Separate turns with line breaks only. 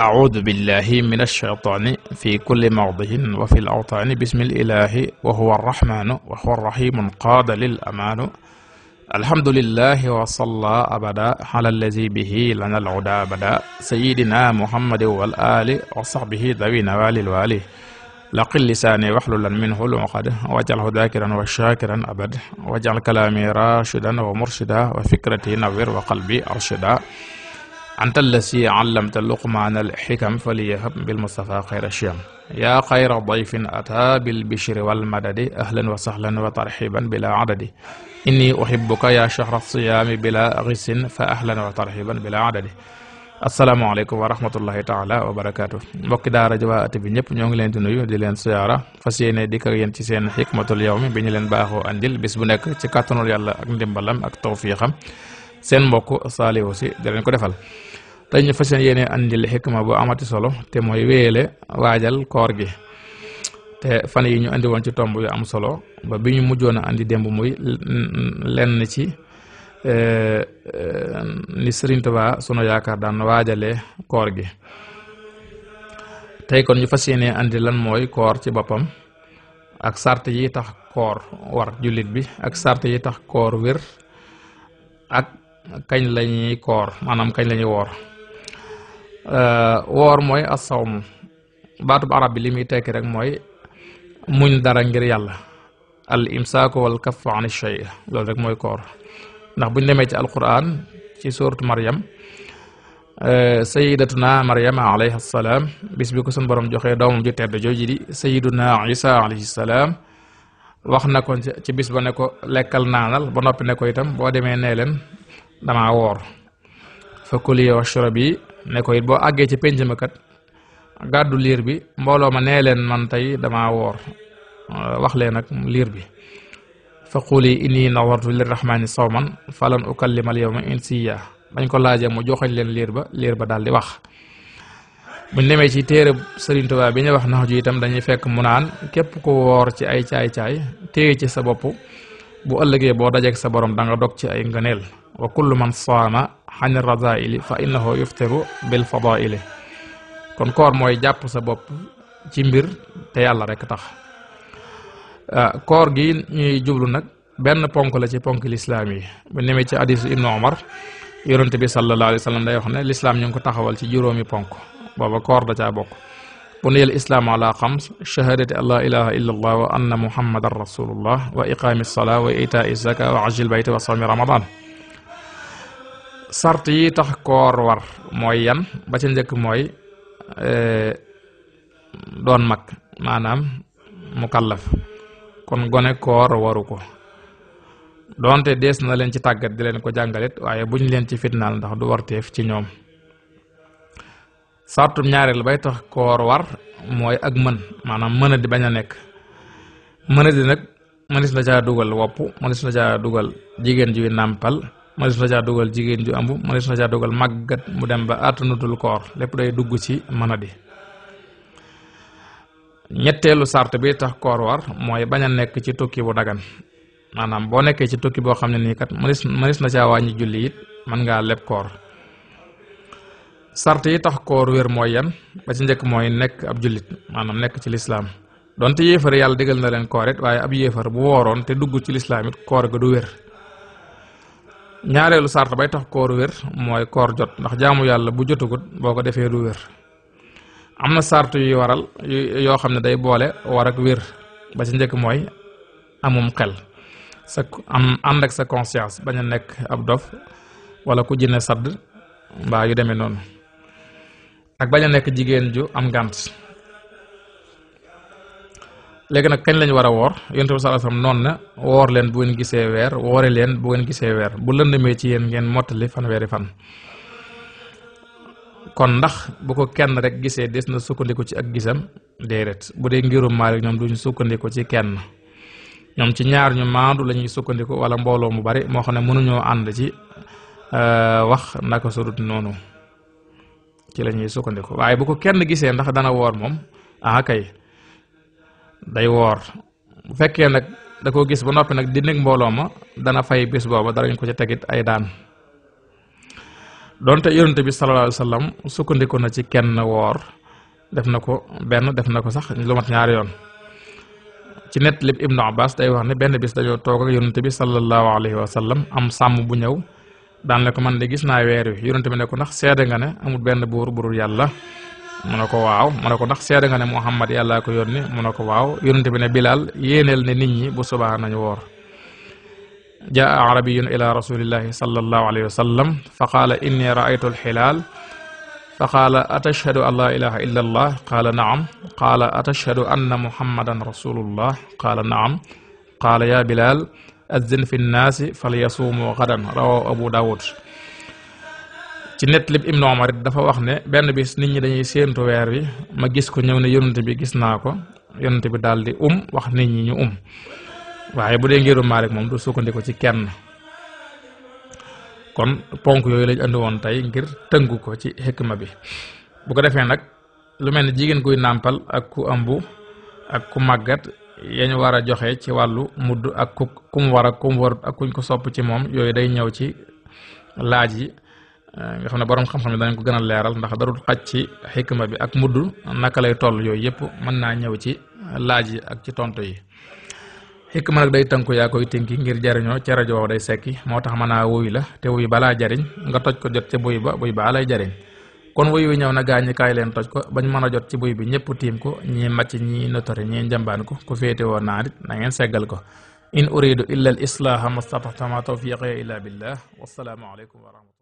أعوذ بالله من الشيطان في كل موضع وفي الأوطان بسم الإله وهو الرحمن وهو الرحيم قاد للأمان الحمد لله وصلى أبدا على الذي به لنا العدا بدا سيدنا محمد والآل وصحبه ذوي نوال الوالي laqil lisaani waxlulan minhu lumuqad wajalhu dakiran wa shakiran abad wajal kalaami rashidan wa murshida wa fikrati nawir wa qalbi arshida anta allasi allamta luqmaana alxikam faliyahab bilmustafa xayra shiyam yaa xayra dayfin ata bilbishri walmadadi ahlan wa sahlan wa tarxiban bila adadi inni uhibuka yaa shahra siyaami bila gisin fa ahlan wa tarxiban bila adadi asalaamaaleykum wa rahmatullahi taala wa barakaatu mbokki daara ji waa at bi ñëpp ñoo ngi leen di nuyu di leen siyaara fas yéene dikk ak yéen ci seen xikmatul yawmi bi ñu leen baaxoo andil bis bu nekk ci kàttanul yàlla ak ndimbalam ak tawfiixam seen mbokk Saliou Sy di leen ko defal tey ñu fas yéene andil xikma bu amati solo te mooy wéyale waajal koor gi te fan yi ñu andi woon ci tomb yu am solo ba bi ñu mujjoon a andi démb muy lenn ci. Eh, eh, ni Serigne sunu yaakaar daan waajale koor gi tey kon ñu fas yéene andi lan mooy koor ci boppam ak sart yi tax koor war jullit bi ak sart yi tax koor wér ak kañ lañuy koor maanaam kañ lañuy woor eh, woor mooy asawm baatub arab bi li muy tekki rek mooy muñ dara ngir yàlla al imsaaku wal kaffu an shay loolu rek mooy koor ndax bu ñu demee ci alquran ci suuratu Maryam eh, sayidatuna Maryama alayha salaam bis bi ko sun boroom joxe doomam ju tedd jooji di sayiduna Isa alayhi salaam wax na ko ci bis ba ne ko lekkal naanal ba noppi ne ko itam boo demee nee leen damaa woor fa kuli washrabi ne ko it boo àggee ci penc kat gàddu liir bi mbooloo ma nee leen man tey damaa woor eh, wax leen nag liir bi fa quli inni nawartu lirrahmani sawman falan ukallima al yawma insiya bañ ko laajee mu joxañ leen liir ba liir ba daal di wax buñ demee ci téere Sëriñ bi ñu wax nax ju itam dañuy fekk mu naan képp ko woor ci ay caay-caay téye ci sa bopp bu ëllëgee boo dajeek sa borom danga nga dog ci ay ngëneel wa kullu man saama xani razaili fa innahu yuftiru bil fadaili kon koor mooy jàpp sa bopp ci mbir te yàlla rek tax Ah, koor gi ñuy jublu nag benn ponk la ci ponk lislaam yi bu nemee ci hadisu ibnu omar yonente bi sallallahu alayhi wa wax ne lislaam ñu ngi ko taxawal ci juróomi ponk booba koor da caa bokk buniyal islaam ala xams sart yi tax koor war mooy yan ba ca njëkk mooy eh, doon mag maanaam mukallaf kon gone koor waru ko doonte dees na leen ci tàggat di leen ko jàngaleet waaye bu ñu leen ci fitnaal ndax du warteef ci ñoom sartum ñaareel bay tax koor war mooy ak mën maanaam mëna di bañ a nekk mëna a di nag mënis na caa dugal wopp mënis na caa dugal jigéen ju nàmpal mënis na caa dugal jigéen ju ëmb mënis na caa dugal màggat mu dem ba àttanutul koor lépp day dugg ci mën di ñetteelu sart bi tax koor war mooy bañ a nekk ci tukki bu dagan maanaam boo nekkee ci tukki boo xam ne nii kat mënis mënis na caa wàññi julli mën ngaa leb koor sart yi tax koor wér mooy yan ba ci njëkk mooy nekk ab jullit maanaam nekk ci lislaam donte yéefar yàlla digal na leen koor it waaye ab yéefar bu wooroon te dugg ci lislaam koor ga du wér ñaareelu sart bay tax koor wér mooy koor jot ndax jaamu yàlla bu jotagut boo ko defee du wér am na sartu yuy waral yoo xam ne day boole war ak wér ba ci njëkk mooy amum xel sa am ànd ak sa conscience bañ a nekk ab dof wala ku jinne sadd mbaa yu demee noonu ak bañ a nekk jigéen ju am ngànt léegi nag kañ lañ war a woor yonent bi sallallahu sam wasallam noonu na woor leen bu ngeen gisee weer woore leen bu ngeen gisee weer bu lënd lëndëmee ci yéen ngeen mottali fanweeri fan kon ndax bu ko kenn rek gisee des na sukkandiku ci ak gisam déedéet bu dee ngirum Maalik ñoom duñu sukkandiku ci kenn ñoom ci ñaar ñu maandu la ñuy sukkandiku wala mbooloo mu bari moo xam ne mënuñoo ànd ci euh, wax naka sudut noonu ci la ñuy sukkandiku waaye bu ko kenn gisee ndax dana woor moom ah kay day woor bu fekkee nag da ko gis ba noppi nag di nekk mbooloo ma dana fay bis booba darañ ko ci tegit ay daan donte yonent bi sallallahu alayhi wa sallam sukkandiku na ci kenn woor def na ko benn def na ko sax lu mat ñaari yoon ci net lib Ibnu Abbas day wax ne benn bis dañoo toog ak yonent bi sallallahu alayhi wa sallam am sàmm bu ñëw daan ko man de gis naa weer wi yonent bi ne ko ndax seede nga ne amul benn buur burul yàlla mu ne ko waaw mu ne ko ndax seede nga ne Muhammad yàllaa ko yónni mu ne ko waaw yonent bi ne Bilal yéeneel ne nit ñi bu subaa nañu woor. jaa arabiyun ila rasulillahi sallallahu alayhi wa fa qaala inni raaytu alxilaal fa qaala atashhadu an ilaha illa allah qaala naam qaala atashhadu anna muhammadan rasulullah qaala naam qaala yaa bilaal azzin fi nnaasi falyasuumu gadan rawaw abu daawud ci nettalib ibnu omar dafa wax ne benn bis nit ñi dañuy séentu weer wi ma gis ko ñëw bi gis naa ko yonent bi daal um wax nit ñi um waaye bu dee ngirum Maalik moom du sukkandiku ci kenn kon ponk yooyu lañ andi woon tey ngir tënku ko ci xikma bi bu ko defee nag lu mel ni jigéen kuy nàmpal ak ku ëmb ak ku màggat yañ war a joxe ci wàllu mudd ak ku kum war a kum warut ak kuñ ko sopp ci moom yooyu day ñëw ci laaj yi eh, nga xam ne borom xam-xam yi danañ ko gën a leeral ndax darul xaj ci xikma bi ak mudd naka lay toll yooyu yëpp mën naa ñëw ci laaj yi ak ci tontu yi xikma nag day tënku yaa koy tënki ngir jariñoo ca rajo wow day sekki moo tax mën naa wuy la te wuy balaa jariñ nga toj ko jot ca buy ba buy baa lay jariñ kon wuy wi ñëw na gaañi kaay leen toj ko bañ mën a jot ci buy bi ñëpp tiim ko ñii màcc ñii notori ñii njambaan ko ku féete woon naa nit na ngeen seggal ko in uridu illa al islaaha mastataxtama tawfiqe illa billah wasalaamu aleykum wa